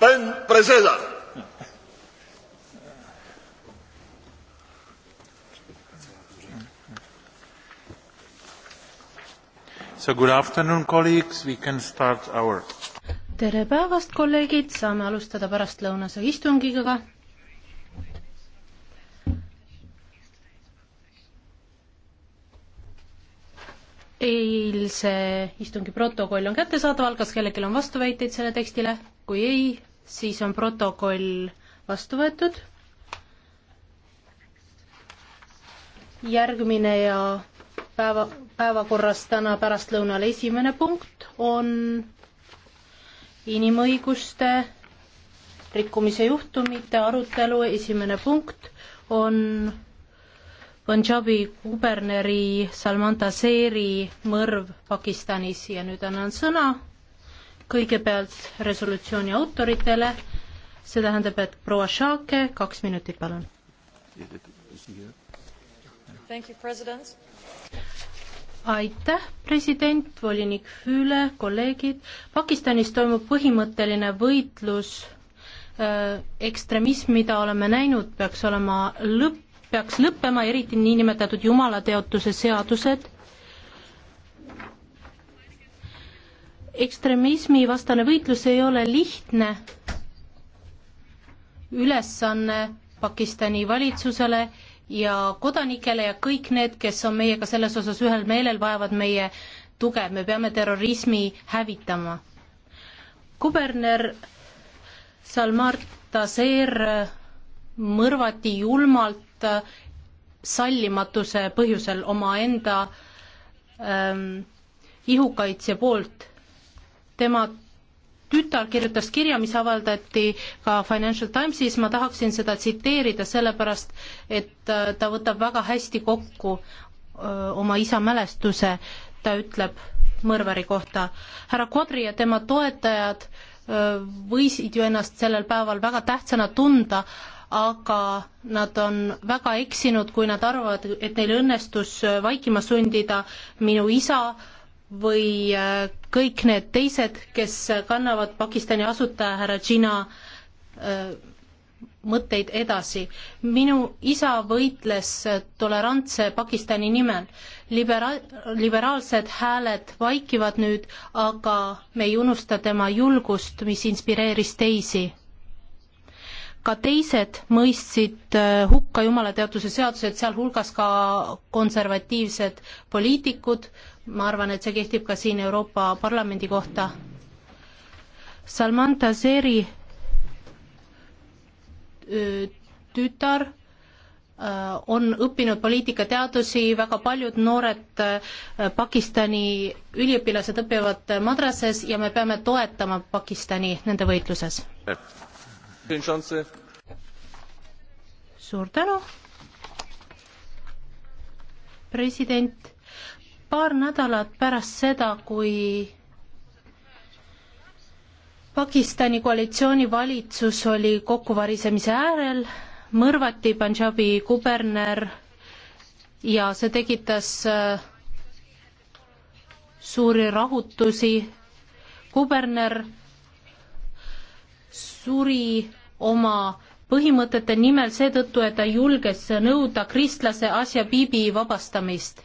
Pan preseda. So good afternoon, colleagues. We can start our tere päevast, kolleegid, saame alustada pärastlõunase istungiga. eilse istungi protokoll on kättesaadaval, kas kellelgi on vastuväiteid selle tekstile? kui ei, siis on protokoll vastu võetud. järgmine ja päeva, päevakorras täna pärastlõunal esimene punkt on inimõiguste rikkumise juhtumite arutelu, esimene punkt on Punjabi kuberneri Salmanta Seeri mõrv Pakistanis ja nüüd annan sõna kõigepealt resolutsiooni autoritele, see tähendab, et proua Šaake, kaks minutit, palun. aitäh, president, volinik Füüle, kolleegid. Pakistanis toimub põhimõtteline võitlus äh, ekstremism, mida oleme näinud, peaks olema lõpp, peaks lõppema, eriti niinimetatud jumalateotuse seadused ekstremismivastane võitlus ei ole lihtne ülesanne Pakistani valitsusele ja kodanikele ja kõik need, kes on meiega selles osas ühel meelel, vajavad meie tuge, me peame terrorismi hävitama. kuberner Salmar Taseer mõrvati julmalt sallimatuse põhjusel omaenda ähm, ihukaitse poolt tema tütar kirjutas kirja, mis avaldati ka Financial Timesis, ma tahaksin seda tsiteerida, sellepärast et äh, ta võtab väga hästi kokku öö, äh, oma isa mälestuse, ta ütleb mõrvari kohta. härra Kodri ja tema toetajad öö, äh, võisid ju ennast sellel päeval väga tähtsana tunda, aga nad on väga eksinud, kui nad arvavad, et neil õnnestus vaikima sundida minu isa, või äh, kõik need teised, kes kannavad Pakistani asutaja härra Jinnah äh, mõtteid edasi. minu isa võitles äh, tolerantse Pakistani nimel. Libera-, liberaalsed hääled vaikivad nüüd, aga me ei unusta tema julgust, mis inspireeris teisi ka teised mõistsid äh, hukka jumalateaduse seadused, sealhulgas ka konservatiivsed poliitikud, ma arvan, et see kehtib ka siin Euroopa Parlamendi kohta. Salman Tazeri äh, tütar äh, on õppinud poliitikateadusi, väga paljud noored Pakistani üliõpilased õpivad madrases ja me peame toetama Pakistani nende võitluses suur tänu, president. paar nädalat pärast seda, kui Pakistani koalitsioonivalitsus oli kokkuvarisemise äärel, mõrvati Punjabi kuberner ja see tekitas äh, suuri rahutusi. kuberner suri oma põhimõtete nimel seetõttu, et ta julges nõuda kristlase Asja Biibi vabastamist.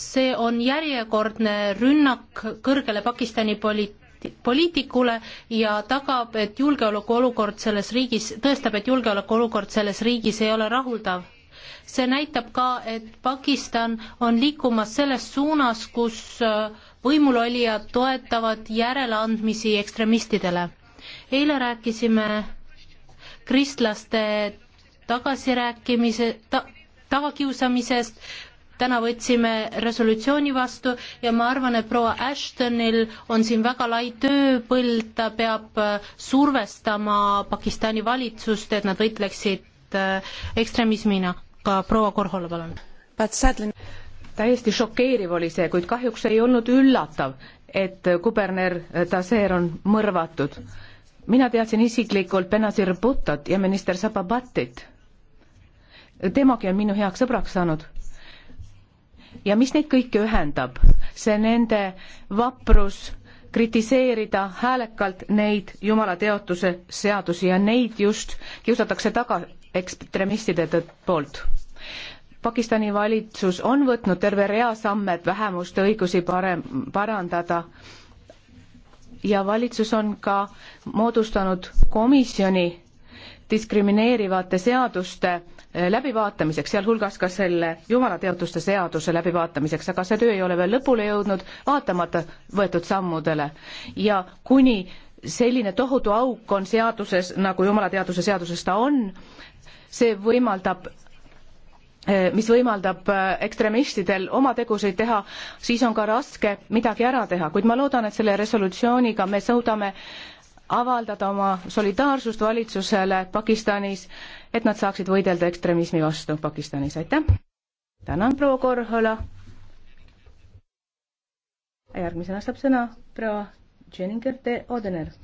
see on järjekordne rünnak kõrgele Pakistani poliit-, poliitikule ja tagab, et julgeolekuolukord selles riigis, tõestab, et julgeolekuolukord selles riigis ei ole rahuldav. see näitab ka, et Pakistan on liikumas selles suunas, kus võimulolijad toetavad järeleandmisi ekstremistidele eile rääkisime kristlaste tagasirääkimise ta,, tagakiusamisest, täna võtsime resolutsiooni vastu ja ma arvan, et proua Ashtonil on siin väga lai tööpõld, ta peab äh, survestama Pakistani valitsust, et nad võitleksid äh, ekstremismina. ka proua Korhola, palun. täiesti šokeeriv oli see, kuid kahjuks ei olnud üllatav, et kuberner Taseer on mõrvatud mina teadsin isiklikult Benazir Bhutat ja minister Sababatit. temagi on minu heaks sõbraks saanud. ja mis neid kõiki ühendab, see nende vaprus kritiseerida häälekalt neid Jumala teotuse seadusi ja neid just kiusatakse taga ekstremistide poolt. Pakistani valitsus on võtnud terve rea samme, et vähemuste õigusi parem, parandada ja valitsus on ka moodustanud komisjoni diskrimineerivate seaduste eh, läbivaatamiseks, sealhulgas ka selle jumalateotuste seaduse läbivaatamiseks, aga see töö ei ole veel lõpule jõudnud, vaatamata võetud sammudele. ja kuni selline tohutu auk on seaduses, nagu jumalateaduse seaduses ta on, see võimaldab Eh, mis võimaldab eh, ekstremistidel oma tegusid teha, siis on ka raske midagi ära teha, kuid ma loodan, et selle resolutsiooniga me suudame avaldada oma solidaarsust valitsusele Pakistanis, et nad saaksid võidelda ekstremismi vastu Pakistanis, aitäh! tänan, proua Korhola! järgmisena saab sõna proua Jenninger de Odener.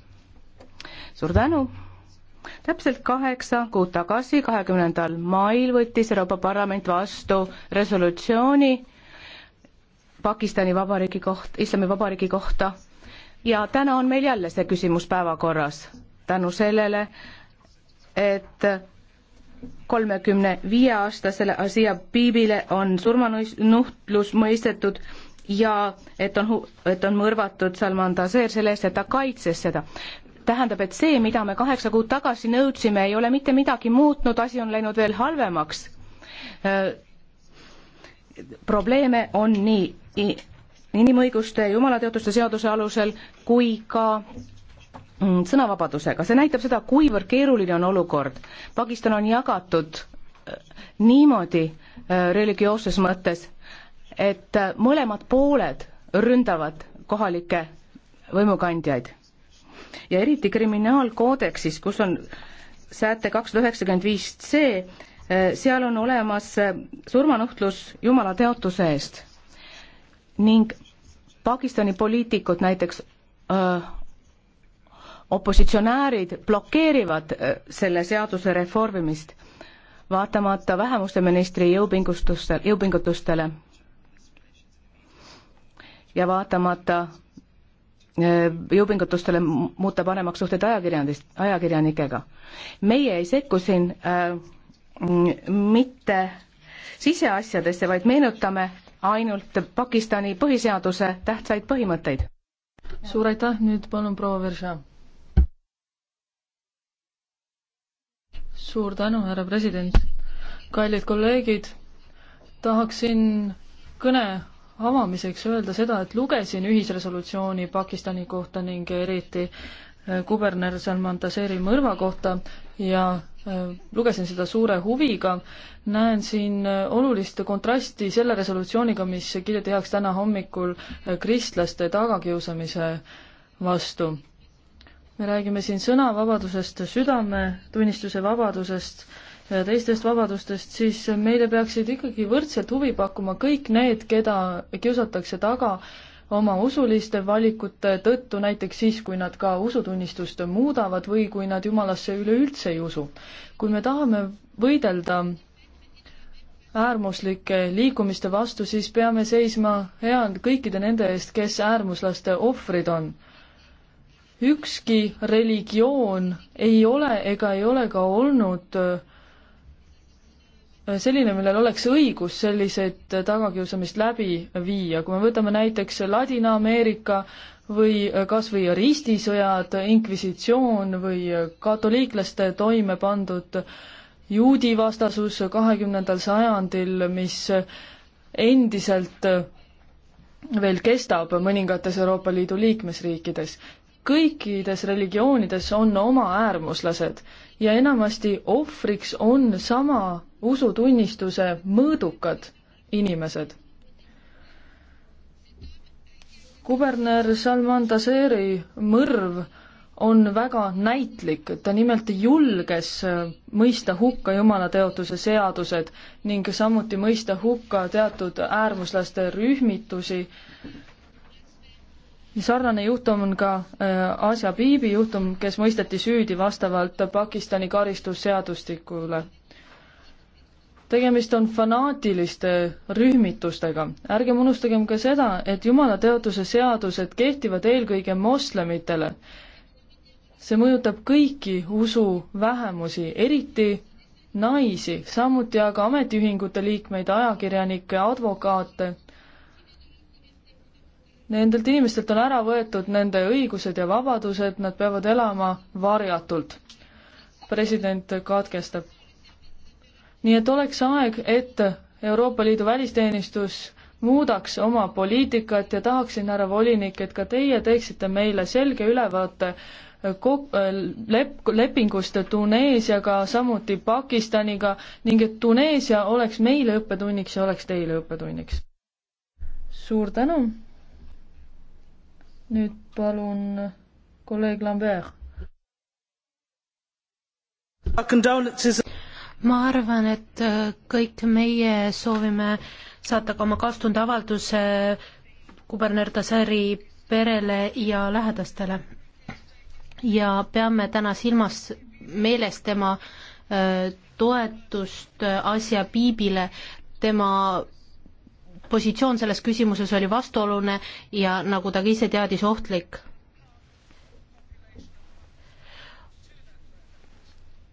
suur tänu! täpselt kaheksa kuud tagasi, kahekümnendal mail võttis Euroopa Parlament vastu resolutsiooni Pakistani Vabariigi koht, Islamivabariigi kohta ja täna on meil jälle see küsimus päevakorras tänu sellele, et kolmekümne viie aastasele Asia Biibile on surmanuhtlus mõistetud ja et on, et on mõrvatud Salman Taseer selle eest, et ta kaitses seda tähendab, et see, mida me kaheksa kuud tagasi nõudsime, ei ole mitte midagi muutnud, asi on läinud veel halvemaks. Äh, probleeme on nii inimõiguste, jumalateotuste seaduse alusel kui ka mm, sõnavabadusega, see näitab seda, kuivõrd keeruline on olukord. Pakistan on jagatud äh, niimoodi äh, religioosses mõttes, et mõlemad pooled ründavad kohalikke võimukandjaid ja eriti kriminaalkoodeksis, kus on säte kakssada üheksakümmend viis C, eh, seal on olemas eh, surmanuhtlus jumala teotuse eest. ning Pakistani poliitikud näiteks öö, eh, opositsionäärid blokeerivad selle seaduse reformimist, vaatamata vähemuste ministri jõupingustuste, jõupingutustele ja vaatamata Äh, jõupingutustele muuta paremaks suhted ajakirjandist, ajakirjanikega. meie ei sekku siin äh, mitte siseasjadesse, vaid meenutame ainult Pakistani põhiseaduse tähtsaid põhimõtteid. suur aitäh, nüüd palun proua Verža. suur tänu, härra president. kallid kolleegid, tahaksin kõne avamiseks öelda seda, et lugesin ühisresolutsiooni Pakistani kohta ning eriti äh, kuberner Salman Taseeri mõrva kohta ja äh, lugesin seda suure huviga, näen siin äh, olulist kontrasti selle resolutsiooniga, mis kiideti heaks täna hommikul kristlaste tagakiusamise vastu. me räägime siin sõnavabadusest, südametunnistuse vabadusest Äh, teistest vabadustest, siis meile peaksid ikkagi võrdselt huvi pakkuma kõik need, keda kiusatakse taga oma usuliste valikute tõttu, näiteks siis, kui nad ka usutunnistust muudavad või kui nad jumalasse üleüldse ei usu. kui me tahame võidelda äärmuslike liikumiste vastu, siis peame seisma hea kõikide nende eest, kes äärmuslaste ohvrid on ükski religioon ei ole ega ei ole ka olnud äh, selline, millel oleks õigus selliseid tagakiusamist läbi viia, kui me võtame näiteks Ladina-Ameerika või kas või ristisõjad, inkvisitsioon või katoliiklaste toime pandud juudivastasus kahekümnendal sajandil, mis endiselt veel kestab mõningates Euroopa Liidu liikmesriikides. kõikides religioonides on oma äärmuslased ja enamasti ohvriks on sama usutunnistuse mõõdukad inimesed. kuberner Salman Taseeri mõrv on väga näitlik, ta nimelt julges mõista hukka Jumala teotuse seadused ning samuti mõista hukka teatud äärmuslaste rühmitusi. sarnane juhtum on ka äh, Asia Biibi juhtum, kes mõisteti süüdi vastavalt Pakistani karistusseadustikule tegemist on fanaatiliste rühmitustega. ärgem unustagem ka seda, et jumalateaduse seadused kehtivad eelkõige moslemitele. see mõjutab kõiki usuvähemusi, eriti naisi, samuti aga ametiühingute liikmeid, ajakirjanikke, advokaate. Nendelt inimestelt on ära võetud nende õigused ja vabadused, nad peavad elama varjatult. president katkestab nii et oleks aeg, et Euroopa Liidu välisteenistus muudaks oma poliitikat ja tahaksin, härra volinik, et ka teie teeksite meile selge ülevaate kok-, lep-, lepingust Tuneesiaga, samuti Pakistaniga ning et Tuneesia oleks meile õppetunniks ja oleks teile õppetunniks. suur tänu. nüüd palun kolleeg Lambert ma arvan, et äh, kõik meie soovime saata ka oma kaastunde avalduse kuberner Tasari perele ja lähedastele. ja peame täna silmas, meeles tema äh, toetust äh, Asia Piibile, tema positsioon selles küsimuses oli vastuoluline ja nagu ta ka ise teadis, ohtlik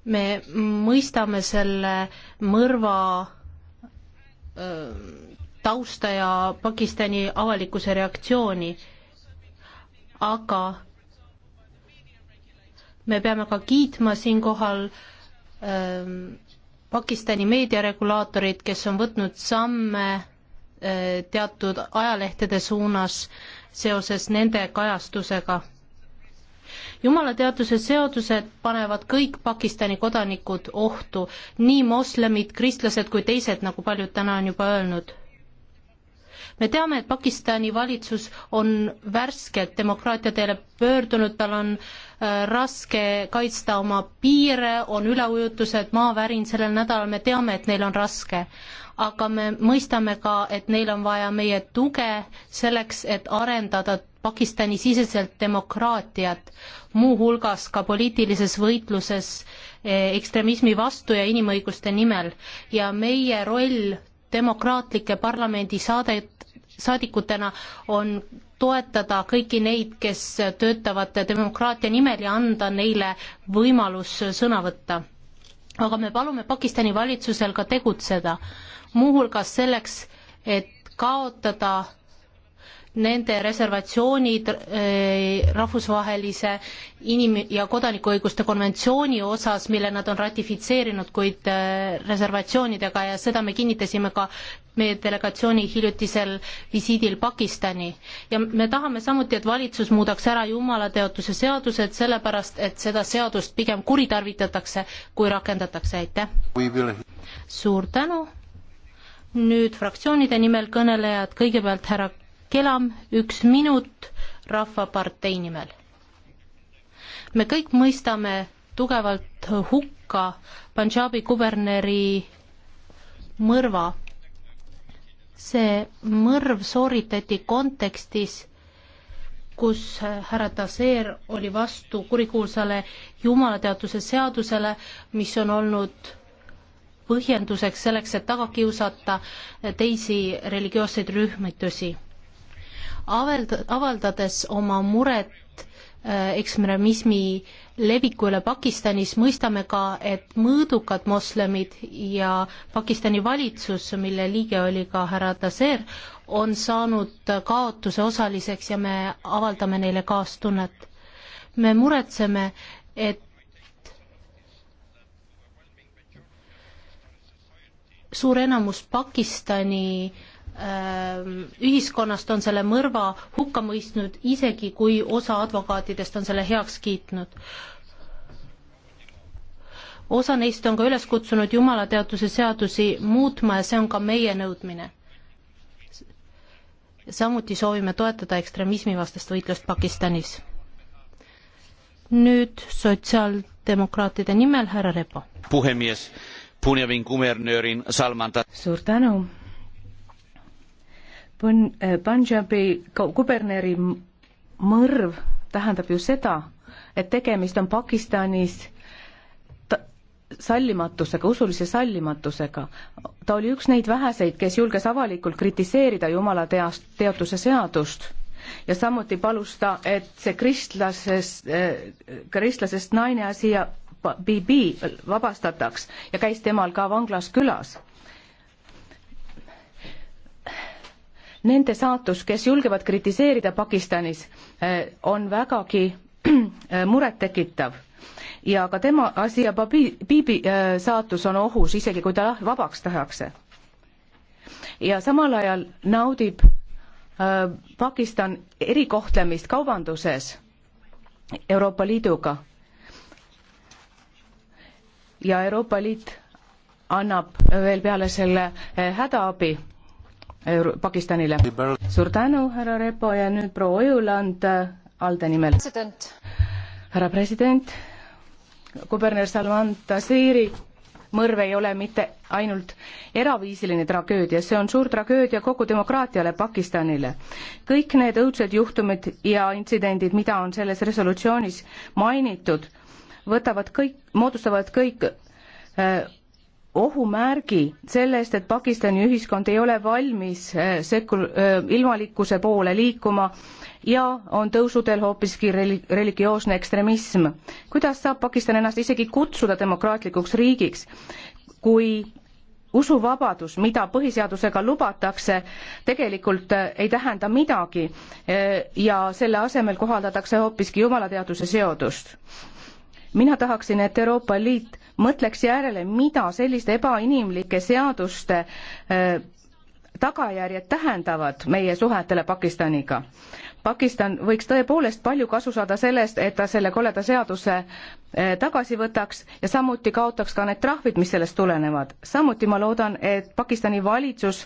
me mõistame selle mõrva tausta ja Pakistani avalikkuse reaktsiooni, aga me peame ka kiitma siinkohal Pakistani meediaregulaatorid, kes on võtnud samme teatud ajalehtede suunas seoses nende kajastusega jumalateaduse seadused panevad kõik Pakistani kodanikud ohtu, nii moslemid, kristlased kui teised, nagu paljud täna on juba öelnud. me teame, et Pakistani valitsus on värskelt demokraatia teele pöördunud, tal on äh, raske kaitsta oma piire, on üleujutused, maavärin sellel nädalal, me teame, et neil on raske aga me mõistame ka, et neil on vaja meie tuge selleks, et arendada Pakistani siseselt demokraatiat, muuhulgas ka poliitilises võitluses eh, ekstremismi vastu ja inimõiguste nimel ja meie roll demokraatlike parlamendisaadet, saadikutena on toetada kõiki neid, kes töötavad demokraatia nimel ja anda neile võimalus sõna võtta. aga me palume Pakistani valitsusel ka tegutseda, muuhulgas selleks, et kaotada nende reservatsioonid eh, rahvusvahelise inim- ja kodanikuõiguste konventsiooni osas, mille nad on ratifitseerinud, kuid eh, reservatsioonidega ja seda me kinnitasime ka meie delegatsiooni hiljutisel visiidil Pakistani. ja me tahame samuti, et valitsus muudaks ära jumalateotuse seadused, sellepärast et seda seadust pigem kuritarvitatakse, kui rakendatakse, aitäh! suur tänu! nüüd fraktsioonide nimel kõnelejad, kõigepealt härra Kelam, üks minut Rahvapartei nimel. me kõik mõistame tugevalt hukka Punjabi kuberneri mõrva. see mõrv sooritati kontekstis, kus härra Taseer oli vastu kurikuulsale jumalateaduse seadusele, mis on olnud põhjenduseks selleks, et taga kiusata teisi religioosseid rühmitusi avaldades oma muret äh, ekstremismi leviku üle Pakistanis, mõistame ka, et mõõdukad moslemid ja Pakistani valitsus, mille liige oli ka härra Taseer, on saanud kaotuse osaliseks ja me avaldame neile kaastunnet. me muretseme, et suur enamus Pakistani äh, Ehm, ühiskonnast on selle mõrva hukka mõistnud, isegi kui osa advokaatidest on selle heaks kiitnud. osa neist on ka üles kutsunud jumalateaduse seadusi muutma ja see on ka meie nõudmine. samuti soovime toetada ekstremismivastast võitlust Pakistanis. nüüd sotsiaaldemokraatide nimel härra Repo. puhemees, Punjabin kumernöörin Salman Ta-. suur tänu Eh, Punjabi kuberneri mõrv tähendab ju seda, et tegemist on Pakistanis sallimatusega, usulise sallimatusega. ta oli üks neid väheseid, kes julges avalikult kritiseerida Jumala teast, teotuse seadust ja samuti palus ta, et see kristlasest, eh, kristlasest naine Asia Bibi eh, vabastataks ja käis temal ka vanglas külas nende saatus, kes julgevad kritiseerida Pakistanis, eh, on vägagi murettekitav. ja ka tema asi ja Babi, Biibi eh, saatus on ohus, isegi kui ta vabaks tehakse. ja samal ajal naudib eh, Pakistan erikohtlemist kaubanduses Euroopa Liiduga. ja Euroopa Liit annab veel peale selle hädaabi Euro Pakistanile. suur tänu, härra Repo ja nüüd proua Ojuland äh, ALDE nimel. härra president, kuberner Salman Tasiri mõrv ei ole mitte ainult eraviisiline tragöödia, see on suur tragöödia kogu demokraatiale Pakistanile. kõik need õudsed juhtumid ja intsidendid, mida on selles resolutsioonis mainitud, võtavad kõik, moodustavad kõik äh, ohumärgi selle eest, et Pakistani ühiskond ei ole valmis äh, sekku-, äh, ilmalikkuse poole liikuma ja on tõusuteel hoopiski reli-, religioosne ekstremism. kuidas saab Pakistan ennast isegi kutsuda demokraatlikuks riigiks, kui usuvabadus, mida põhiseadusega lubatakse, tegelikult äh, ei tähenda midagi ja selle asemel kohaldatakse hoopiski jumalateaduse seadust. mina tahaksin, et Euroopa Liit mõtleks järele, mida selliste ebainimlike seaduste äh, tagajärjed tähendavad meie suhetele Pakistaniga. Pakistan võiks tõepoolest palju kasu saada sellest, et ta selle koleda seaduse äh, tagasi võtaks ja samuti kaotaks ka need trahvid, mis sellest tulenevad. samuti ma loodan, et Pakistani valitsus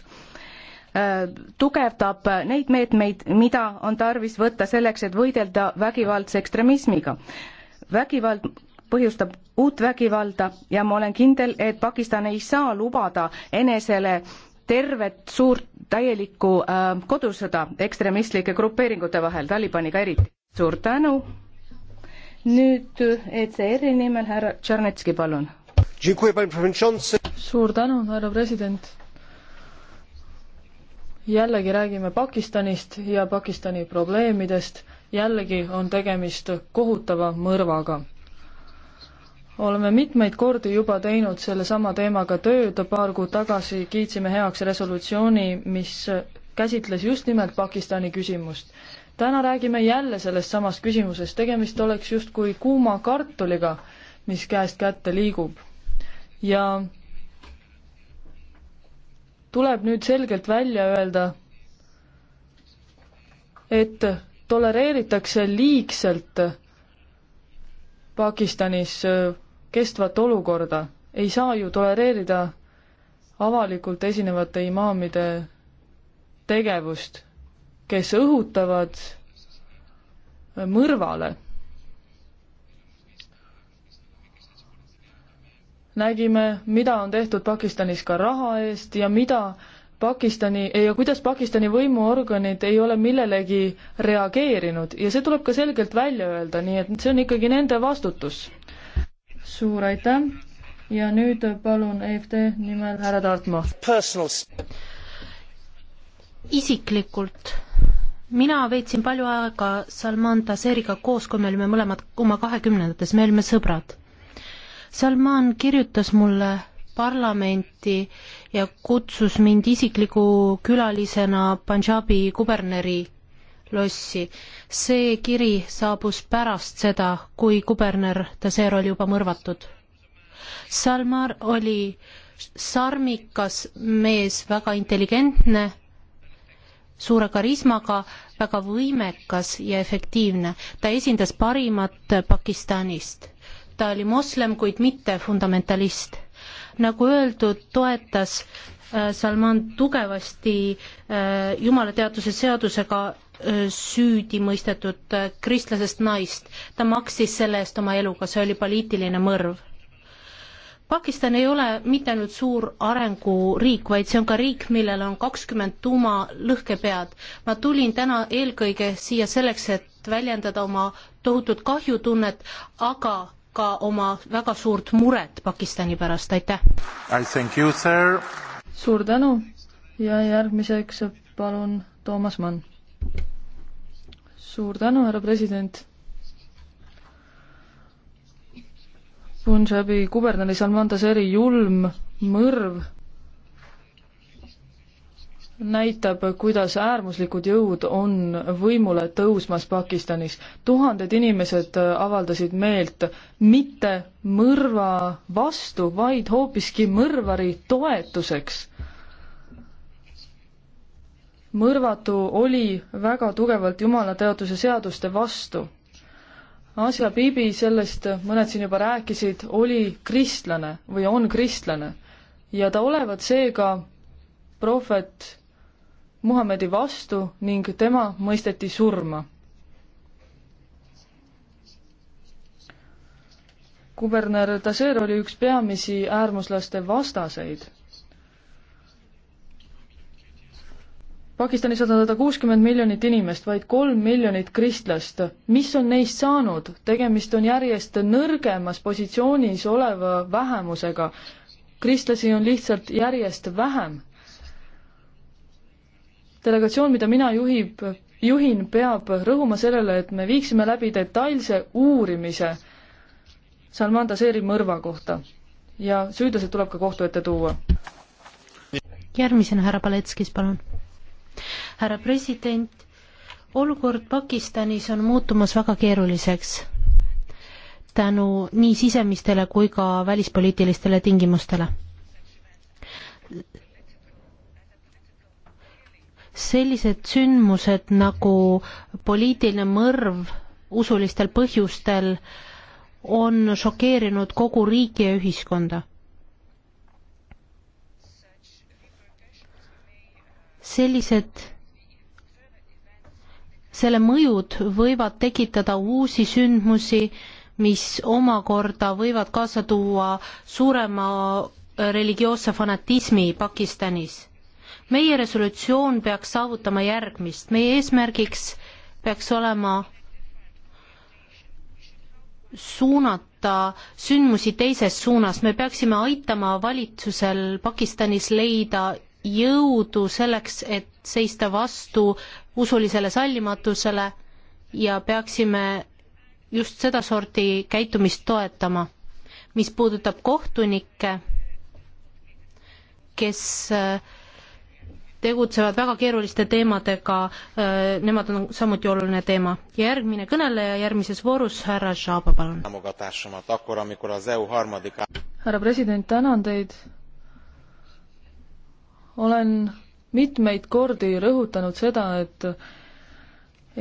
äh, tugevdab neid meetmeid, mida on tarvis võtta selleks, et võidelda vägivaldse ekstremismiga. vägivald põhjustab uut vägivalda ja ma olen kindel, et Pakistan ei saa lubada enesele tervet suurt täielikku äh, kodusõda ekstremistlike grupeeringute vahel, Talibaniga eriti. suur tänu. nüüd ECR-i nimel härra Tšernetski, palun. suur tänu, härra president. jällegi räägime Pakistanist ja Pakistani probleemidest. jällegi on tegemist kohutava mõrvaga oleme mitmeid kordi juba teinud sellesama teemaga tööd, paar kuud tagasi kiitsime heaks resolutsiooni, mis käsitles just nimelt Pakistani küsimust. täna räägime jälle sellest samast küsimusest, tegemist oleks justkui kuuma kartuliga, mis käest kätte liigub. ja tuleb nüüd selgelt välja öelda, et tolereeritakse liigselt Pakistanis kestvat olukorda. ei saa ju tolereerida avalikult esinevate imaamide tegevust, kes õhutavad mõrvale. nägime, mida on tehtud Pakistanis ka raha eest ja mida Pakistani ja kuidas Pakistani võimuorganid ei ole millelegi reageerinud ja see tuleb ka selgelt välja öelda, nii et see on ikkagi nende vastutus suur aitäh ja nüüd palun EFT nimel härra Tartmaa. isiklikult mina veetsin palju aega Salman Taseriga koos, kui me olime mõlemad oma kahekümnendates, me olime sõbrad. Salman kirjutas mulle parlamenti ja kutsus mind isikliku külalisena Punjabi kuberneri lossi. see kiri saabus pärast seda, kui kuberner Taser oli juba mõrvatud. Salmar oli sarmikas mees, väga intelligentne, suure karismaga, väga võimekas ja efektiivne. ta esindas parimat Pakistanist. ta oli moslem, kuid mitte fundamentalist. nagu öeldud, toetas äh, Salman tugevasti äh, jumalateaduse seadusega süüdi mõistetud äh, kristlasest naist. ta maksis selle eest oma eluga, see oli poliitiline mõrv. Pakistan ei ole mitte ainult suur arenguriik, vaid see on ka riik, millel on kakskümmend tuumalõhkepead. ma tulin täna eelkõige siia selleks, et väljendada oma tohutut kahjutunnet, aga ka oma väga suurt muret Pakistani pärast, aitäh! suur tänu ja järgmiseks palun Toomas Mann suur tänu, härra president. Punjabi kuberneri Salman Taseri julm mõrv näitab, kuidas äärmuslikud jõud on võimule tõusmas Pakistanis. tuhanded inimesed avaldasid meelt mitte mõrva vastu, vaid hoopiski mõrvari toetuseks mõrvatu oli väga tugevalt jumalateaduse seaduste vastu. Asia Bibi, sellest mõned siin juba rääkisid, oli kristlane või on kristlane ja ta olevat seega prohvet Muhamedi vastu ning tema mõisteti surma. kuberner Taser oli üks peamisi äärmuslaste vastaseid Pakistanis on sada kuuskümmend miljonit inimest, vaid kolm miljonit kristlast. mis on neist saanud? tegemist on järjest nõrgemas positsioonis oleva vähemusega. kristlasi on lihtsalt järjest vähem. delegatsioon, mida mina juhib, juhin, peab rõhuma sellele, et me viiksime läbi detailse uurimise Salman Taseeri mõrva kohta ja süüdlased tuleb ka kohtu ette tuua. järgmisena härra Paletskis, palun härra president, olukord Pakistanis on muutumas väga keeruliseks tänu nii sisemistele kui ka välispoliitilistele tingimustele. sellised sündmused nagu poliitiline mõrv usulistel põhjustel on šokeerinud kogu riiki ja ühiskonda. sellised selle mõjud võivad tekitada uusi sündmusi, mis omakorda võivad kaasa tuua suurema äh, religioosse fanatismi Pakistanis. meie resolutsioon peaks saavutama järgmist, meie eesmärgiks peaks olema suunata sündmusi teises suunas, me peaksime aitama valitsusel Pakistanis leida jõudu selleks, et seista vastu usulisele sallimatusele ja peaksime just sedasorti käitumist toetama. mis puudutab kohtunikke, kes äh, tegutsevad väga keeruliste teemadega, äh, nemad on samuti oluline teema. ja järgmine kõneleja järgmises voorus, härra Žaaba, palun. E härra president, tänan teid olen mitmeid kordi rõhutanud seda, et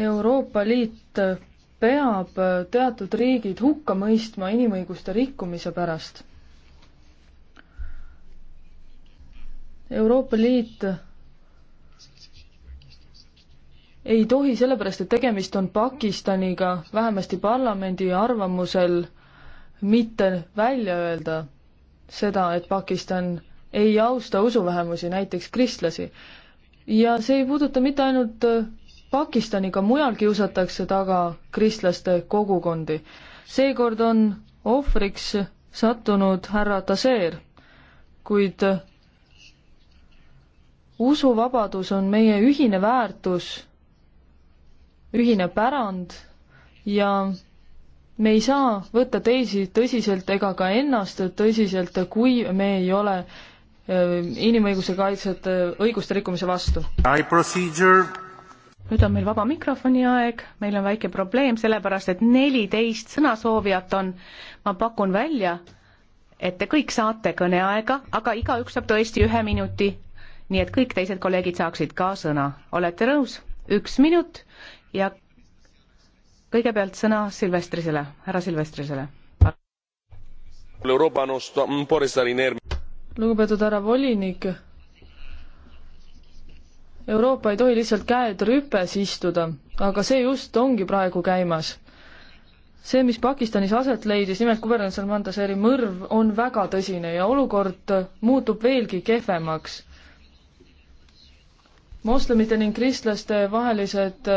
Euroopa Liit peab teatud riigid hukka mõistma inimõiguste rikkumise pärast. Euroopa Liit ei tohi, sellepärast et tegemist on Pakistaniga, vähemasti parlamendi arvamusel, mitte välja öelda seda, et Pakistan ei austa usuvähemusi, näiteks kristlasi. ja see ei puuduta mitte ainult äh, Pakistani, ka mujal kiusatakse taga kristlaste kogukondi. seekord on ohvriks sattunud härra Taseer, kuid äh, usuvabadus on meie ühine väärtus, ühine pärand ja me ei saa võtta teisi tõsiselt ega ka ennast tõsiselt, kui me ei ole äh, Äh, inimõiguse kaitsjate õiguste rikkumise vastu. nüüd on meil vaba mikrofoni aeg, meil on väike probleem, sellepärast et neliteist sõnasoovijat on, ma pakun välja, et te kõik saate kõneaega, aga igaüks saab tõesti ühe minuti, nii et kõik teised kolleegid saaksid ka sõna. olete nõus? üks minut ja kõigepealt sõna Silvestrisele, härra Silvestrisele. L'Europa non sta, non può restare inerme lugupeetud härra volinik, Euroopa ei tohi lihtsalt käed rüpes istuda, aga see just ongi praegu käimas. see, mis Pakistanis aset leidis, nimelt kuberner Salman Taseri mõrv, on väga tõsine ja olukord muutub veelgi kehvemaks. moslemite ning kristlaste vahelised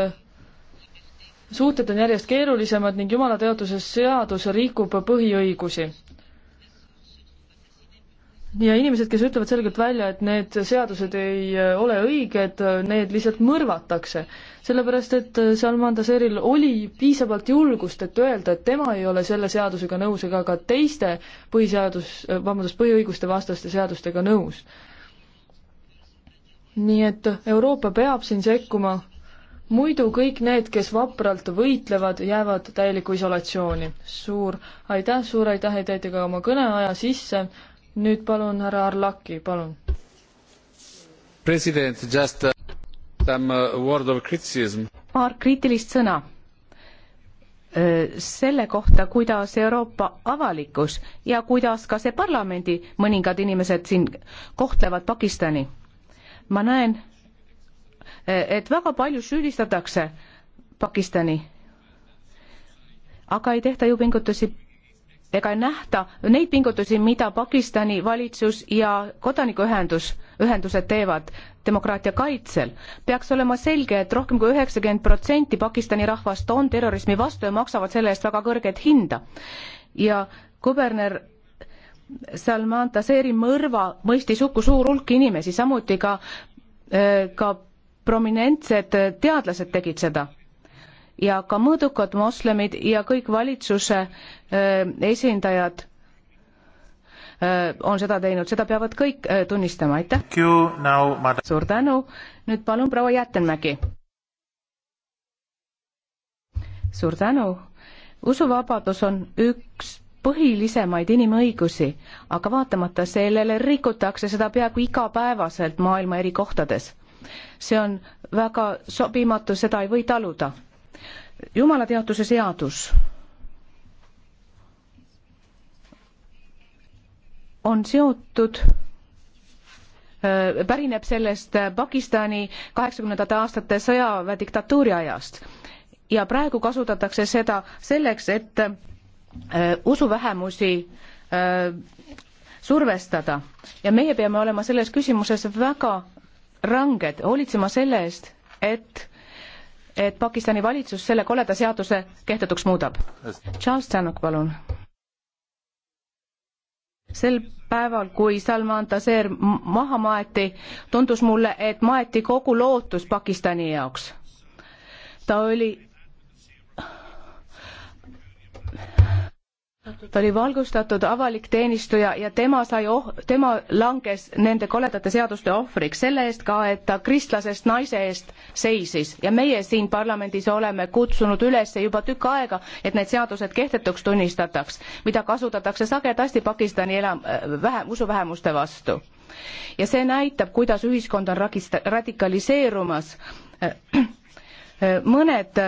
suhted on järjest keerulisemad ning jumalateaduse seadus rikub põhiõigusi ja inimesed, kes ütlevad selgelt välja, et need seadused ei äh, ole õiged, äh, need lihtsalt mõrvatakse. sellepärast, et äh, Salman Taseril oli piisavalt julgust, et öelda, et tema ei ole selle seadusega nõus ega ka teiste põhiseadus, vabandust, põhiõiguste vastaste seadustega nõus. nii et Euroopa peab siin sekkuma, muidu kõik need, kes vapralt võitlevad, jäävad täielikku isolatsiooni. suur aitäh, suur aitäh, et jäite ka oma kõneaja sisse nüüd palun härra Arlaki, palun. president, just a uh, uh, word of criticism. paar kriitilist sõna selle kohta, kuidas Euroopa avalikkus ja kuidas ka see parlamendi mõningad inimesed siin kohtlevad Pakistani. ma näen, et väga palju süüdistatakse Pakistani, aga ei tehta jõupingutusi ega ei nähta neid pingutusi, mida Pakistani valitsus ja kodanikuühendus, ühendused teevad demokraatia kaitsel. peaks olema selge, et rohkem kui üheksakümmend protsenti Pakistani rahvast on terrorismi vastu ja maksavad selle eest väga kõrget hinda. ja kuberner Salman Taseri mõrva mõistis hukku suur hulk inimesi, samuti ka, ka prominentsed teadlased tegid seda ja ka mõõdukad moslemid ja kõik valitsuse esindajad on seda teinud, seda peavad kõik tunnistama, aitäh. suur tänu, nüüd palun proua Jäätenmägi. suur tänu, usuvabadus on üks põhilisemaid inimõigusi, aga vaatamata sellele rikutakse seda peaaegu igapäevaselt maailma eri kohtades. see on väga sobimatu, seda ei või taluda jumalateaduse seadus on seotud äh, pärineb sellest Pakistani kaheksakümnendate aastate sõjaväe diktatuuri ajast ja praegu kasutatakse seda selleks, et äh, usuvähemusi äh, survestada ja meie peame olema selles küsimuses väga ranged, hoolitsema selle eest, et et Pakistani valitsus selle koleda seaduse kehtetuks muudab. Charles Tannock, palun. sel päeval, kui Salman Taseer maha maeti, tundus mulle, et maeti kogu lootus Pakistani jaoks. ta oli ta oli valgustatud avalik teenistuja ja tema sai oh-, tema langes nende koledate seaduste ohvriks selle eest ka, et ta kristlasest naise eest seisis ja meie siin parlamendis oleme kutsunud üles juba tükk aega, et need seadused kehtetuks tunnistataks, mida kasutatakse sagedasti Pakistani elam-, äh, vähe-, usuvähemuste vastu. ja see näitab, kuidas ühiskond on ragist-, radikaliseerumas. Äh, äh, mõned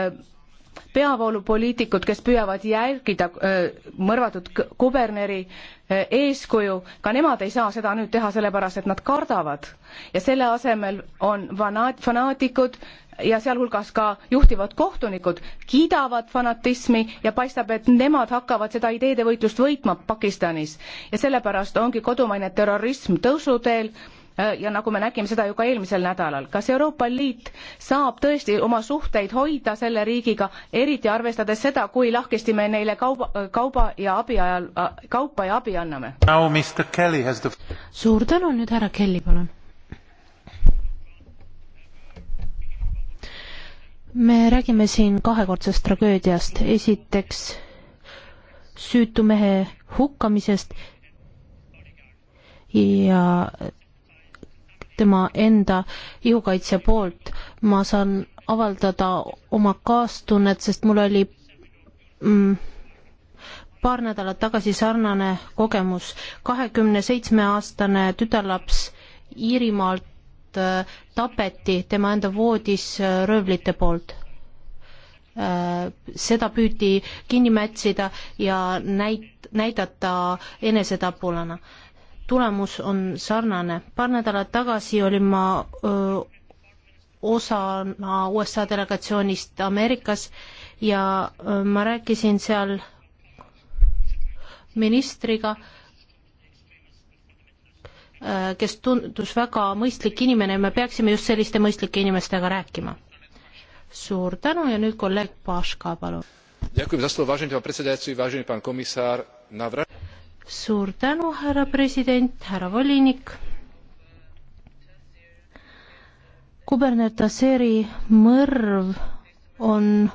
peavoolupoliitikud, kes püüavad järgida mõrvatud kuberneri eeskuju, ka nemad ei saa seda nüüd teha, sellepärast et nad kardavad. ja selle asemel on vanaat-, fanaatikud ja sealhulgas ka juhtivad kohtunikud kiidavad fanatismi ja paistab, et nemad hakkavad seda ideede võitlust võitma Pakistanis. ja sellepärast ongi kodumaine terrorism tõusuteel Äh, ja nagu me nägime seda ju ka eelmisel nädalal, kas Euroopa Liit saab tõesti oma suhteid hoida selle riigiga, eriti arvestades seda, kui lahkesti me neile kauba, kauba ja abi ajal, äh, kaupa ja abi anname? The... suur tänu, nüüd härra Kelly, palun. me räägime siin kahekordsest tragöödiast, esiteks süütu mehe hukkamisest ja tema enda ihukaitse poolt. ma saan avaldada oma kaastunnet, sest mul oli mm, paar nädalat tagasi sarnane kogemus. kahekümne seitsme aastane tütarlaps Iirimaalt äh, tapeti tema enda voodis äh, röövlite poolt äh,. seda püüdi kinni mätsida ja näit-, näidata enesetapulana äh, tulemus on sarnane. paar nädalat tagasi olin ma öö, osana USA delegatsioonist Ameerikas ja öö, ma rääkisin seal ministriga, kes tundus väga mõistlik inimene ja me peaksime just selliste mõistlike inimestega rääkima. suur tänu ja nüüd kolleeg Paška, palun suur tänu, härra president, härra volinik. kuberner Tasseri mõrv on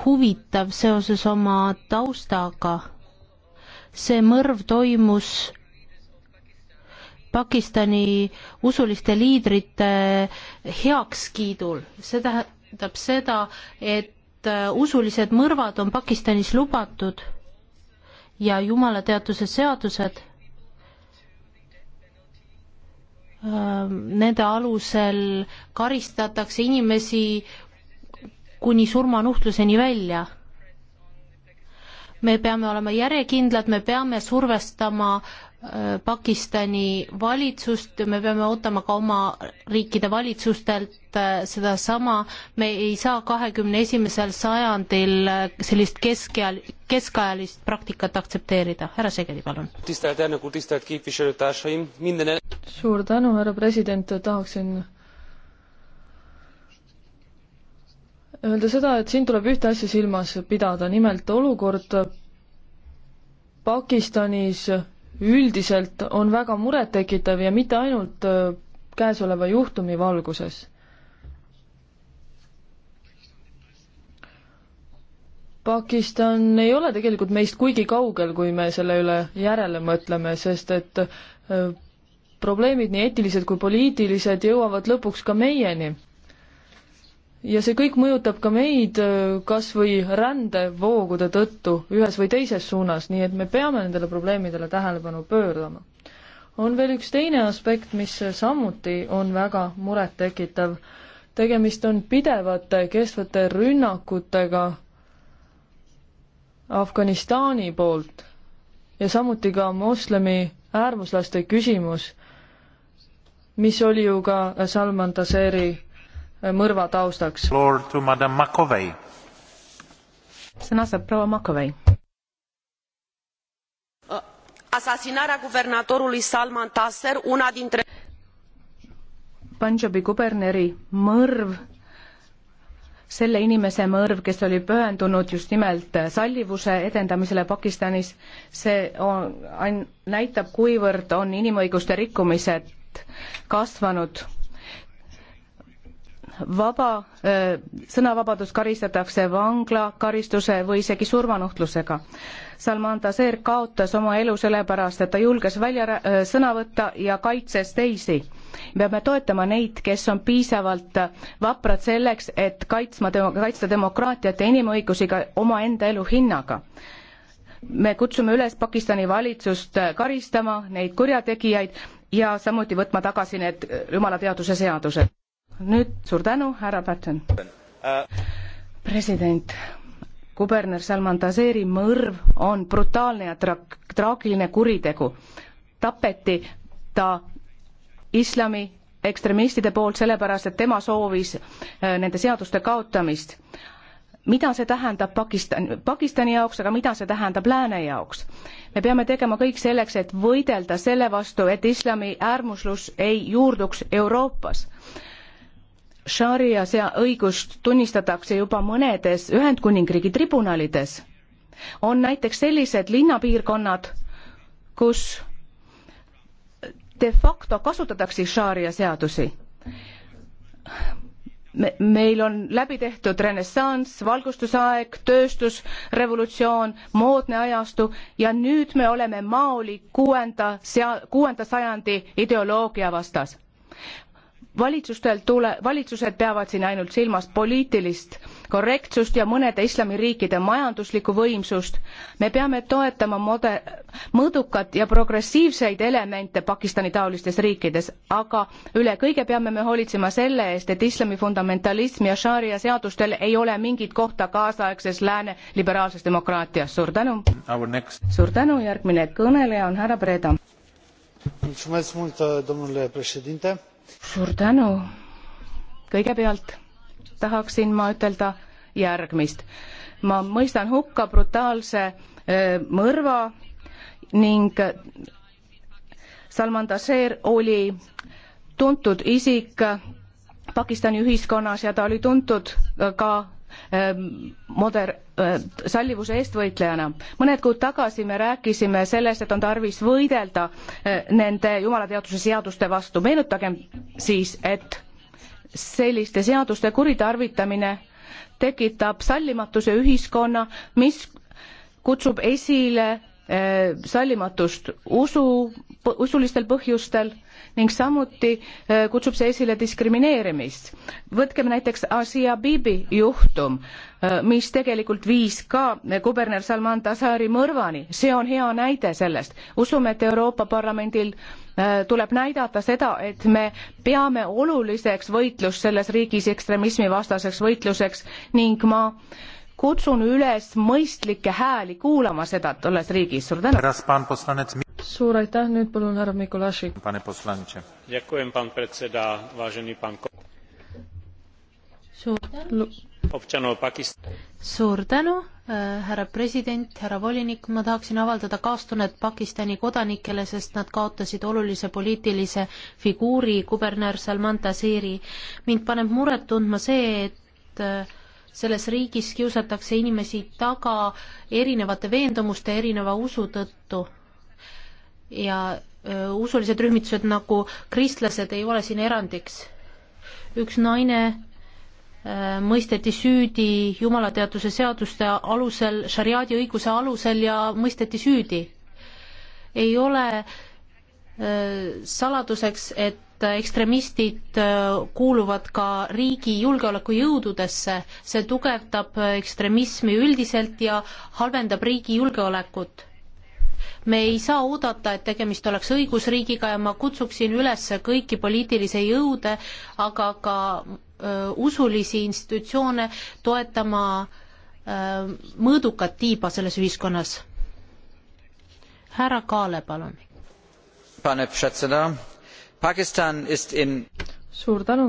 huvitav seoses oma taustaga. see mõrv toimus Pakistani usuliste liidrite heakskiidul, see tähendab seda, et äh, usulised mõrvad on Pakistanis lubatud ja jumalateaduse seadused, ähm, nende alusel karistatakse inimesi kuni surmanuhtluseni välja. me peame olema järjekindlad, me peame survestama äh, Äh, Pakistani valitsust, me peame ootama ka oma riikide valitsustelt äh, sedasama, me ei saa kahekümne esimesel sajandil äh, sellist keskeal-, keskajalist praktikat aktsepteerida. härra Segedi, palun. suur tänu, härra president, tahaksin öelda seda, et siin tuleb ühte asja silmas pidada, nimelt olukord Pakistanis üldiselt on väga murettekitav ja mitte ainult äh, käesoleva juhtumi valguses. Pakistan ei ole tegelikult meist kuigi kaugel, kui me selle üle järele mõtleme, sest et äh, probleemid, nii eetilised kui poliitilised, jõuavad lõpuks ka meieni ja see kõik mõjutab ka meid äh, kas või rändevoogude tõttu ühes või teises suunas, nii et me peame nendele probleemidele tähelepanu pöörama. on veel üks teine aspekt, mis samuti on väga murettekitav. tegemist on pidevate kestvate rünnakutega Afganistani poolt ja samuti ka moslemi äärmuslaste küsimus, mis oli ju ka Salman Taseri mõrva taustaks. sõna saab proua Makovei. asasinarea guvernatorului Salman Taser, una dintre Punjabi kuberneri mõrv, selle inimese mõrv, kes oli pühendunud just nimelt sallivuse edendamisele Pakistanis, see on, näitab, kuivõrd on inimõiguste rikkumised kasvanud vaba, sõnavabadus karistatakse vanglakaristuse või isegi surmanuhtlusega. Salman Taseer kaotas oma elu sellepärast, et ta julges välja sõna võtta ja kaitses teisi. peame toetama neid, kes on piisavalt vaprad selleks, et kaitsma, kaitsta demokraatiat ja inimõigusi ka omaenda elu hinnaga me kutsume üles Pakistani valitsust karistama neid kurjategijaid ja samuti võtma tagasi need jumalateaduse seadused nüüd suur tänu, härra Patten. president, kuberner Salman Taseeri mõrv on brutaalne ja tra-, traagiline kuritegu. tapeti ta islami ekstremistide poolt sellepärast, et tema soovis äh, nende seaduste kaotamist. mida see tähendab Pakistan, Pakistani jaoks, aga mida see tähendab lääne jaoks? me peame tegema kõik selleks, et võidelda selle vastu, et islami äärmuslus ei juurduks Euroopas Sharia õigust tunnistatakse juba mõnedes Ühendkuningriigi tribunalides. on näiteks sellised linnapiirkonnad, kus de facto kasutatakse Sharia seadusi me, meil on läbi tehtud renessanss, valgustusaeg, tööstusrevolutsioon, moodne ajastu ja nüüd me oleme Maoli kuuenda sea-, kuuenda sajandi ideoloogia vastas valitsustel tule, valitsused peavad siin ainult silmas poliitilist korrektsust ja mõnede islamiriikide majanduslikku võimsust. me peame toetama mode-, mõõdukat ja progressiivseid elemente Pakistani taolistes riikides, aga üle kõige peame me hoolitsema selle eest, et islami fundamentalism ja šaaria seadustel ei ole mingit kohta kaasaegses lääne liberaalses demokraatias. suur tänu! suur tänu, järgmine kõneleja on härra Breda. mulțumesc mult, domnule președinte suur tänu. kõigepealt tahaksin ma ütelda järgmist. ma mõistan hukka brutaalse eh, mõrva ning Salman Taseer oli tuntud isik Pakistani ühiskonnas ja ta oli tuntud ka Ähm, moder-, äh, sallivuse eestvõitlejana. mõned kuud tagasi me rääkisime sellest, et on tarvis võidelda äh, nende jumalateaduse seaduste vastu. meenutagem siis, et selliste seaduste kuritarvitamine tekitab sallimatuse ühiskonna, mis kutsub esile äh, sallimatust usu, usulistel põhjustel ning samuti äh, kutsub see esile diskrimineerimist. võtkem näiteks Asia Bibi juhtum, äh, mis tegelikult viis ka äh, kuberner Salman Tasaari mõrvani, see on hea näide sellest. usume, et Euroopa Parlamendil tuleb näidata seda, et me peame oluliseks võitlust selles riigis ekstremismi vastaseks võitluseks ning ma kutsun üles mõistlikke hääli kuulama seda tolles riigis. suur tänu suur aitäh, nüüd palun härra Mikulašik. suur tänu suur tänu, äh, härra president, härra volinik, ma tahaksin avaldada kaastunnet Pakistani kodanikele, sest nad kaotasid olulise poliitilise figuuri, kuberner Salman Tasiri. mind paneb muret tundma see, et äh, selles riigis kiusatakse inimesi taga erinevate veendumuste, erineva usu tõttu ja öö, usulised rühmitused nagu kristlased ei ole siin erandiks. üks naine öö, mõisteti süüdi jumalateaduse seaduste alusel, šariaadi õiguse alusel ja mõisteti süüdi. ei ole öö, saladuseks, et ekstremistid kuuluvad ka riigi julgeolekujõududesse, see tugevdab ekstremismi üldiselt ja halvendab riigi julgeolekut me ei saa oodata, et tegemist oleks õigusriigiga ja ma kutsuksin üles kõiki poliitilisi jõude, aga ka öö, usulisi institutsioone toetama öö, mõõdukat tiiba selles ühiskonnas. härra Kaale, palun. suur tänu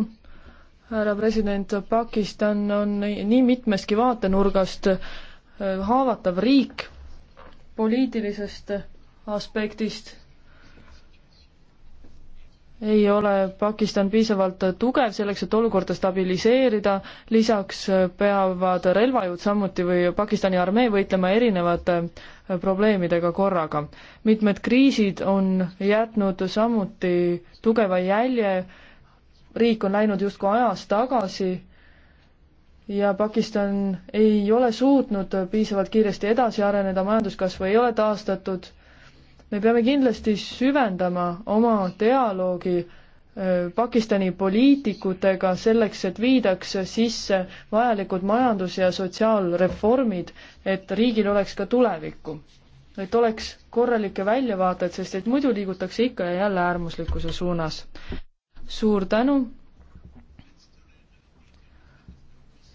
härra president, Pakistan on nii mitmestki vaatenurgast haavatav riik poliitilisest aspektist ei ole Pakistan piisavalt tugev selleks, et olukorda stabiliseerida, lisaks peavad relvajõud samuti või Pakistani armee võitlema erinevate probleemidega korraga. mitmed kriisid on jätnud samuti tugeva jälje, riik on läinud justkui ajas tagasi ja Pakistan ei ole suutnud piisavalt kiiresti edasi areneda, majanduskasvu ei ole taastatud. me peame kindlasti süvendama oma dialoogi Pakistani poliitikutega selleks, et viidaks sisse vajalikud majandus- ja sotsiaalreformid, et riigil oleks ka tulevikku. et oleks korralikke väljavaateid, sest et muidu liigutakse ikka ja jälle äärmuslikkuse suunas. suur tänu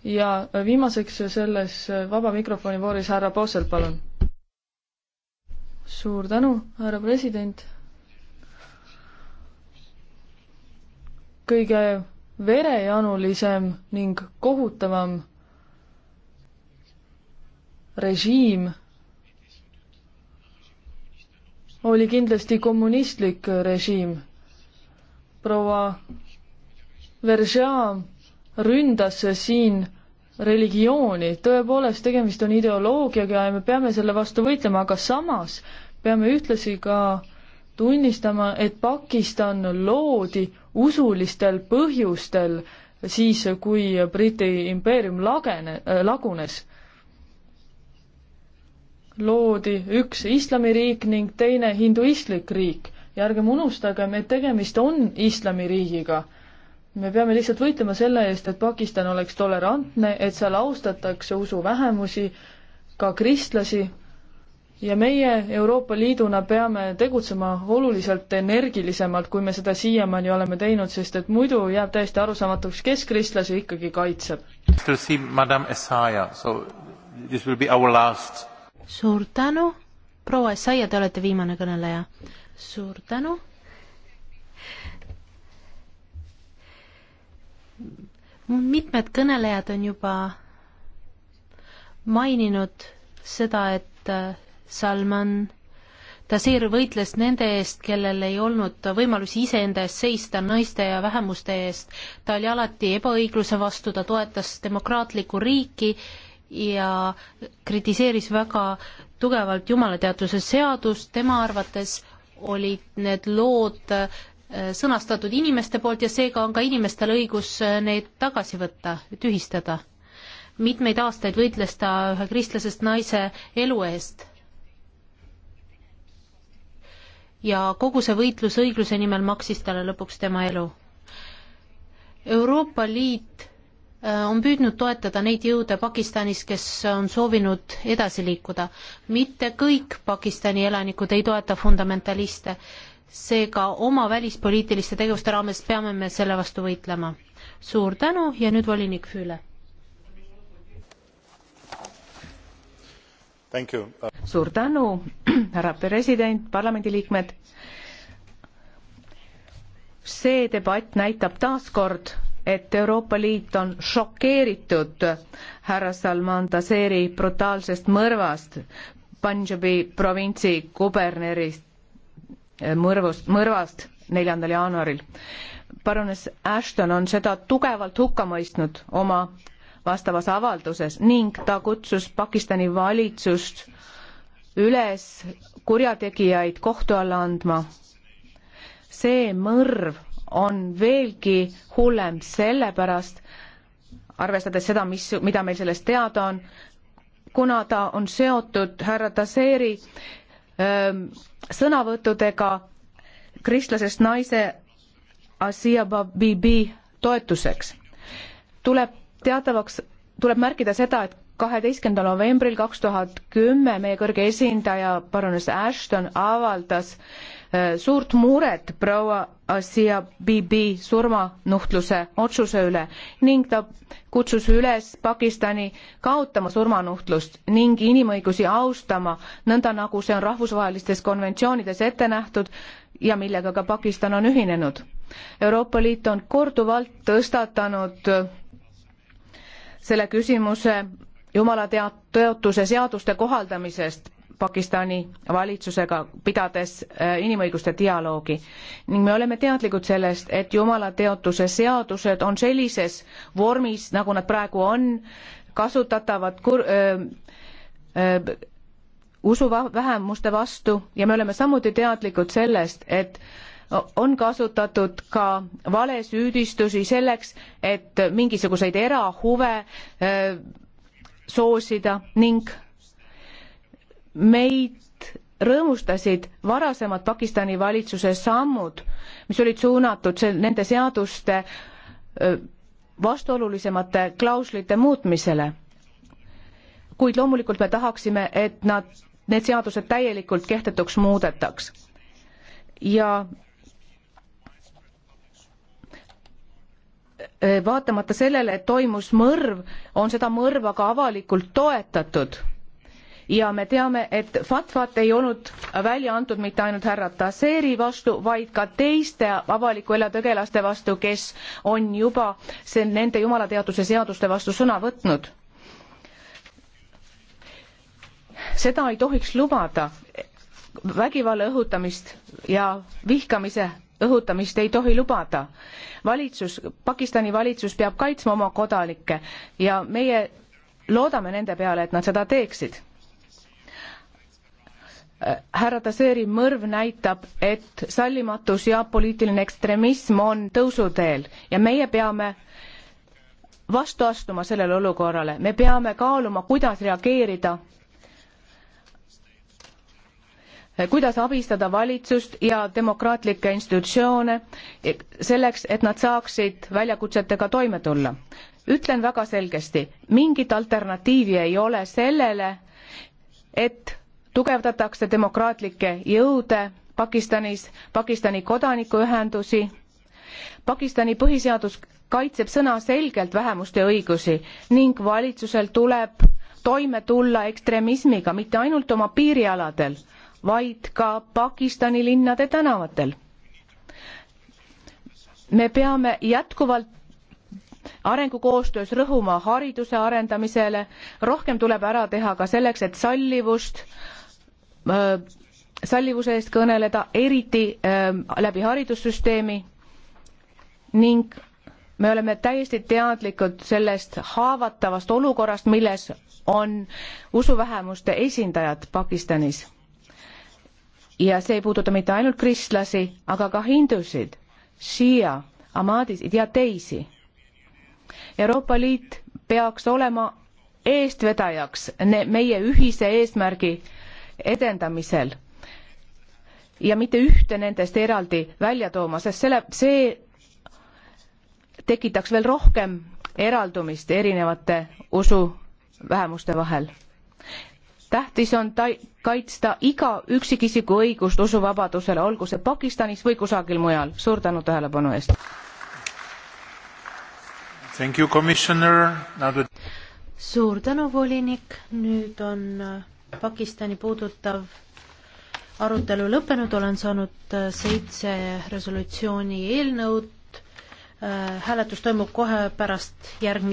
ja viimaseks selles vaba mikrofoni vooris härra Poosel, palun. suur tänu, härra president. kõige verejanulisem ning kohutavam režiim oli kindlasti kommunistlik režiim. proua Veržea ründas siin religiooni, tõepoolest, tegemist on ideoloogiaga ja me peame selle vastu võitlema, aga samas peame ühtlasi ka tunnistama, et Pakistan loodi usulistel põhjustel siis, kui Briti impeerium lagene, lagunes. loodi üks islamiriik ning teine hinduistlik riik ja ärgem unustagem, et tegemist on islamiriigiga me peame lihtsalt võitlema selle eest, et Pakistan oleks tolerantne, et seal austatakse usuvähemusi, ka kristlasi, ja meie Euroopa Liiduna peame tegutsema oluliselt energilisemalt, kui me seda siiamaani oleme teinud, sest et muidu jääb täiesti arusaamatuks, kes kristlasi ikkagi kaitseb. suur tänu, proua Essaia, te olete viimane kõneleja. suur tänu mitmed kõnelejad on juba maininud seda, et äh, Salman Tasir võitles nende eest, kellel ei olnud võimalusi iseenda eest seista, naiste ja vähemuste eest. ta oli alati ebaõigluse vastu, ta toetas demokraatlikku riiki ja kritiseeris väga tugevalt jumalateaduse seadust, tema arvates olid need lood äh, Äh, sõnastatud inimeste poolt ja seega on ka inimestel õigus äh, neid tagasi võtta, tühistada. mitmeid aastaid võitles ta ühe kristlasest naise elu eest. ja kogu see võitlus õigluse nimel maksis talle lõpuks tema elu. Euroopa Liit äh, on püüdnud toetada neid jõude Pakistanis, kes on soovinud edasi liikuda. mitte kõik Pakistani elanikud ei toeta fundamentaliste seega oma välispoliitiliste tegevuste raames peame me selle vastu võitlema. suur tänu ja nüüd volinik Füüle. suur tänu, härra president, parlamendiliikmed. see debatt näitab taaskord, et Euroopa Liit on šokeeritud härra Salman Taseri brutaalsest mõrvast Punjabi provintsi kubernerist mõrvust, mõrvast neljandal jaanuaril. parunes Ashton on seda tugevalt hukka mõistnud oma vastavas avalduses ning ta kutsus Pakistani valitsust üles kurjategijaid kohtu alla andma. see mõrv on veelgi hullem sellepärast, arvestades seda, mis, mida meil sellest teada on, kuna ta on seotud härra Taseeri sõnavõttudega kristlasest naise Asia Bibi toetuseks. tuleb teatavaks, tuleb märkida seda, et kaheteistkümnendal novembril kaks tuhat kümme meie kõrge esindaja, parunes Ashton, avaldas äh, Äh, suurt muret proua Asia Bibi surmanuhtluse otsuse üle ning ta kutsus üles Pakistani kaotama surmanuhtlust ning inimõigusi austama, nõnda nagu see on rahvusvahelistes konventsioonides ette nähtud ja millega ka Pakistan on ühinenud. Euroopa Liit on korduvalt tõstatanud selle küsimuse jumala teatuse seaduste kohaldamisest Pakistani valitsusega, pidades äh, inimõiguste dialoogi ning me oleme teadlikud sellest, et Jumala teotuse seadused on sellises vormis, nagu nad praegu on, kasutatavad kur-, öö, äh, äh, usuvähemuste vastu ja me oleme samuti teadlikud sellest, et on kasutatud ka valesüüdistusi selleks, et mingisuguseid erahuve öö, soosida ning meid rõõmustasid varasemad Pakistani valitsuse sammud, mis olid suunatud see, nende seaduste vastuolulisemate klauslite muutmisele. kuid loomulikult me tahaksime, et nad, need seadused täielikult kehtetuks muudetaks. ja vaatamata sellele, et toimus mõrv, on seda mõrva ka avalikult toetatud ja me teame, et fatvat ei olnud välja antud mitte ainult härra Taseeri vastu, vaid ka teiste avaliku elu tegelaste vastu, kes on juba see, nende jumalateaduse seaduste vastu sõna võtnud. seda ei tohiks lubada, vägivalla õhutamist ja vihkamise õhutamist ei tohi lubada. valitsus, Pakistani valitsus peab kaitsma oma kodanikke ja meie loodame nende peale, et nad seda teeksid härra Taseeri mõrv näitab, et sallimatus ja poliitiline ekstremism on tõusuteel ja meie peame vastu astuma sellele olukorrale, me peame kaaluma, kuidas reageerida, kuidas abistada valitsust ja demokraatlikke institutsioone selleks, et nad saaksid väljakutsetega toime tulla. ütlen väga selgesti, mingit alternatiivi ei ole sellele, et tugevdatakse demokraatlikke jõude Pakistanis, Pakistani kodanikuühendusi. Pakistani põhiseadus kaitseb sõnaselgelt vähemuste õigusi ning valitsusel tuleb toime tulla ekstremismiga mitte ainult oma piirialadel, vaid ka Pakistani linnade tänavatel. me peame jätkuvalt arengukoostöös rõhuma hariduse arendamisele, rohkem tuleb ära teha ka selleks, et sallivust äh, Äh, sallivuse eest kõneleda, eriti ähm, läbi haridussüsteemi ning me oleme täiesti teadlikud sellest haavatavast olukorrast, milles on usuvähemuste esindajad Pakistanis. ja see ei puuduta mitte ainult kristlasi, aga ka hindusid, šiia, amaadisid ja teisi. Euroopa Liit peaks olema eestvedajaks meie ühise eesmärgi äh, edendamisel ja mitte ühte nendest eraldi välja tooma, sest selle, see tekitaks veel rohkem eraldumist erinevate usuvähemuste vahel. tähtis on ta-, kaitsta iga üksikisiku õigust usuvabadusele, olgu see Pakistanis või kusagil mujal. suur tänu tähelepanu eest! suur tänu, volinik, nüüd on äh, Pakistani puudutav arutelu lõppenud, olen saanud äh, seitse resolutsiooni eelnõud, äh, hääletus toimub kohe pärast järgmist